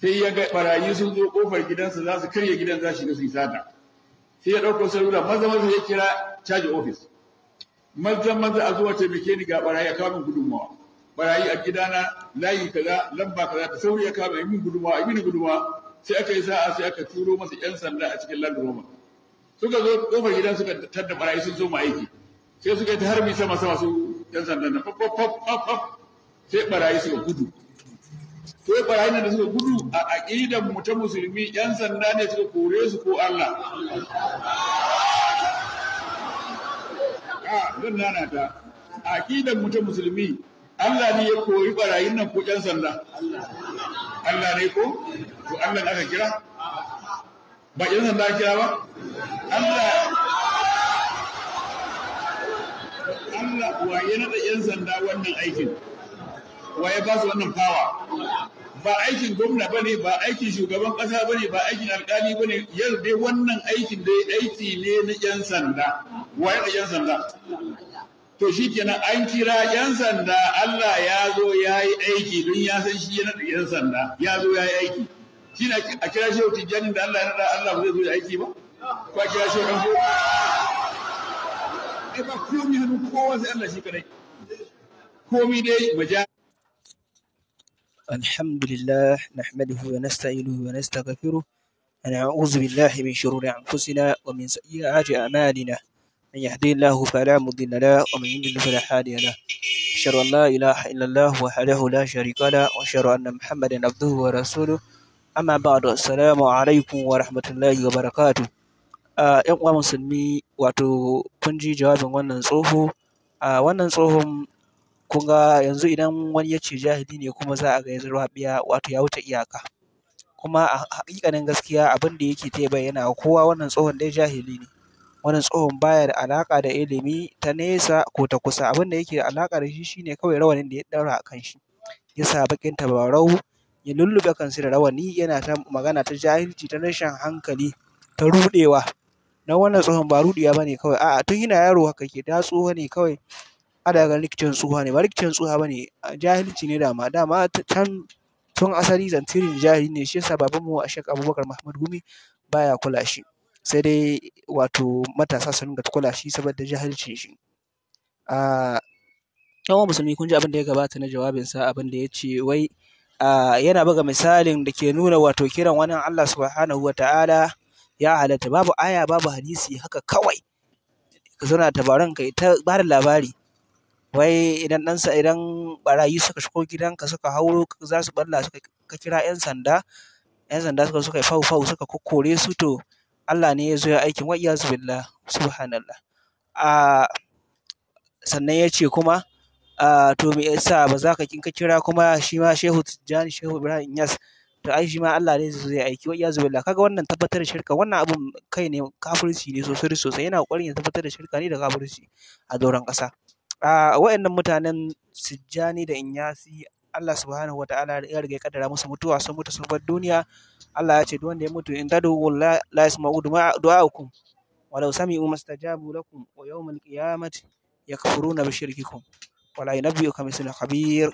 sai ya ga barayi sun zo kofar gidansa za su karya gidan za shiga su yi sata sai ya ɗauko salula maza maza ya kira caji ofis maza maza a zuwa taimake ni ga barayi a kawo min gudunmawa barayi a gidana layi kaza lamba kaza ta sauri ya kawo min gudunmawa a mini gudunmawa sai aka yi sa'a sai aka turo masa yan sanda a cikin land rover suka zo kofar gidan suka tadda barayi sun zo mu aiki sai suka yi ta harbi sama sama su yan sandan nan faf faf faf sai barayi suka gudu sai bayanin da suka gudu a aƙidan mu ta musulmi yan sanda ne suka kore su ko Allah a ah, zan nana ta aƙidan mu ta musulmi Allah ne ya kori barayin nan ko yan sanda Allah ne ko to Allah ne aka kira ba yan sanda kira ba Allah Allah kuwa ya naɗa 'yan sanda wannan aikin. wa ya ba su wannan fawa ba aikin gwamna bane ba aikin shugaban kasa bane ba aikin alkali bane yanzu dai wannan aikin dai aiki ne na yan sanda wa ya yan sanda to shi kenan an kira yan sanda Allah ya zo ya yi aiki don ya san shi yana da yan sanda ya zo ya yi aiki shi na a kira shi tijjanin da Allah ya nada Allah ba zai zo ya aiki ba ko a kira shi ɗan ko ba komi hannun kowa sai Allah shi kadai komi dai majalisar الحمد لله نحمده ونستعينه ونستغفره ونعوذ بالله من شرور أنفسنا ومن سيئات أعمالنا من يهدي الله فلا مضل له ومن يضلل فلا هادي له أشهد أن لا إله إلا الله وحده لا شريك له وأشهد أن محمدا عبده ورسوله أما بعد السلام عليكم ورحمة الله وبركاته ‘yan آه، uwa واتو كنجي kun ji jawabin wannan tsoho a wannan tsohon kun ga yanzu idan wani ya ce jahili ne kuma za a ga ya rabiya, wato ya wuce iyaka kuma a haƙiƙanin gaskiya abin da yake ta bayyana wa kowa wannan tsohon dai jahili ne wannan tsohon baya da alaƙa da ilimi ta nesa ko ta kusa abin da yake da alaƙa da shi shine kawai rawanin da ya ɗaura a kan shi ya sa baƙin tabarau ya lulluɓe kansa da rawani yana ta magana ta jahilci ta rashin hankali ta ruɗewa na wannan tsohon ba ruɗewa ne kawai a'a tun yana yaro haka yake da ne kawai ada ga rikicin tsuha ne ba rikicin tsuha ba ne jahilci ne dama dama can tun asali zantirin jahili ne shi yasa babanmu a shek abubakar mahmud gumi baya kula shi sai dai wato matasa sanin ga kula shi saboda jahilcin shi a yawan musulmi kun ji abin da ya gabata na jawabinsa abin da ya ce wai yana buga misalin da ke nuna wato kiran wani Allah subhanahu wa ta'ala ya halatta babu aya babu hadisi haka kawai ka zauna tabaran kai ta ba da labari Wai idan ɗansa idan ɓarayi suka shigo gidanka suka hauro za su ɓalla suka ka kira ƴan sanda, ƴan sanda suka suka yi fau fau suka kokkore su to Allah ne ya zo ya yi aikin wa'iyyazu billah subhanallah. A sannan ya ce kuma a to me yasa ba za ka kin ka kira kuma shi ma Shehu Tijjani Shehu Ibrahim Yas to ai shi ma Allah ne ya zo ya aiki wa'iyyazu billah kaga wannan tabbatar da shirka wannan abun kai ne kafirci ne sosai sosai yana kokarin ya tabbatar da shirka ne da kafirci a doron ƙasa. a waɗannan mutanen Tijjani da Inyasi Allah subhanahu wataala ya riga ya kaddara musu mutuwa sun mutu sun bar duniya Allah ya ce duk wanda ya mutu in tadu la yasma'u wa law sami'u mastajabu lakum wa yawmal qiyamati yakfuruna bi shirkikum wala yunabbi'uka mithlu khabir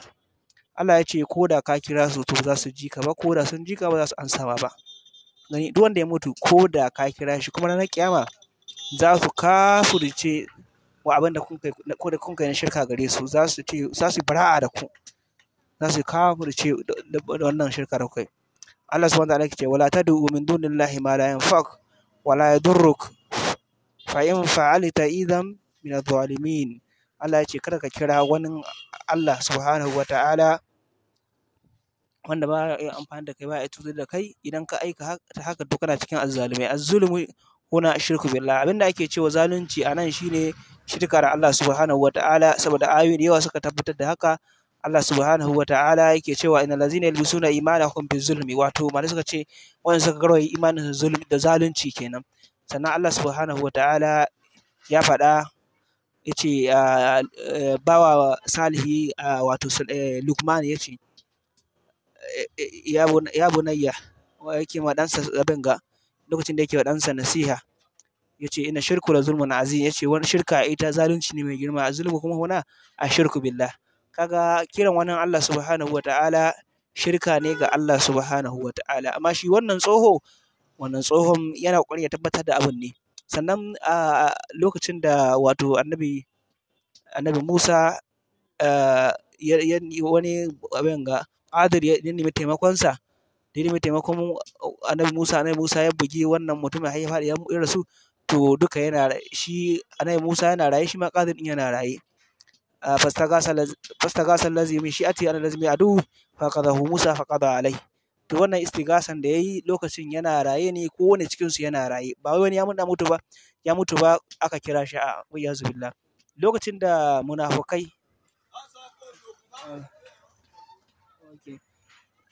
Allah ya ce ko da ka kira su to za su ji ka ba ko da sun ji ka ba za su amsa ba gani duk wanda ya mutu ko da ka kira shi kuma na kiyama za su kafurce wa abinda da kun kai kai na shirka gare su za su ce za su bara'a da ku za su kafirce da wannan shirka da kai Allah subhanahu wa ta'ala ce wala tad'u min dunillahi ma la yanfa'uk wa la yadurruk fa in fa'alta idan min adh-dhalimin Allah ya ce kada ka kira wani Allah subhanahu wa ta'ala wanda ba ya amfani da kai ba ya cutar da kai idan ka aika haka to kana cikin azzalumi. azzulumu Kuna shirku billah abinda ake cewa zalunci anan shine shirka da Allah subhanahu wataala saboda ayoyi da yawa suka tabbatar da haka Allah subhanahu wataala yake cewa innal ladzina yalbisuna imanahum bizulmi wato malai suka ce wanda suka garwaye imanin zulmi da zalunci kenan sannan Allah subhanahu wataala ya faɗa yace eh, bawa salihi wato eh, Lukman yace eh, ya bunayya yake ma ɗansa abin ga lokacin da yake wa ɗansa nasiha ya ce ina shirku la zulmun azim ce wani shirka ita zalunci ne mai girma zulmu kuma huna a shirku billah kaga kiran wannan Allah subhanahu wataala shirka ne ga Allah subhanahu wataala amma shi wannan tsoho wannan tsohon yana ƙoƙarin ya tabbatar da abin ne sannan a lokacin da wato annabi annabi Musa wani abin ga Adir ya nemi taimakonsa da ya nemi taimakon annabi Musa annabi Musa ya bugi wannan mutumin har ya faɗi ya rasu to duka yana shi annabi Musa yana raye shi ma Qadir din yana raye fastagasa lazi min shi'ati ana lazmi adu faqadahu Musa faqada alai to wannan istigasan da yayi lokacin yana raye ne ko wani cikin su yana raye ba wai wani ya munda mutu ba ya mutu ba aka kira shi a wayazu billah lokacin da munafukai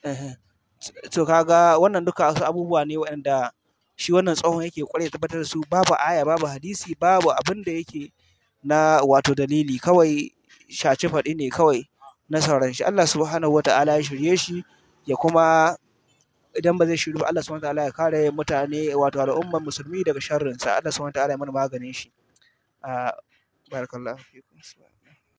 uh ah, -huh. to kaga wannan duka wasu abubuwa ne waɗanda shi wannan tsohon yake kware tabbatar da su babu aya babu hadisi babu abin da yake na wato dalili kawai shaci faɗi ne kawai na sauran shi Allah subhanahu wata'ala ya shirye shi ya kuma idan ba zai shiru ba Allah subhanahu wata'ala ya kare mutane wato al'ummar musulmi daga sharrin sa Allah subhanahu wata'ala ya mana maganin shi ah, barakallahu fikum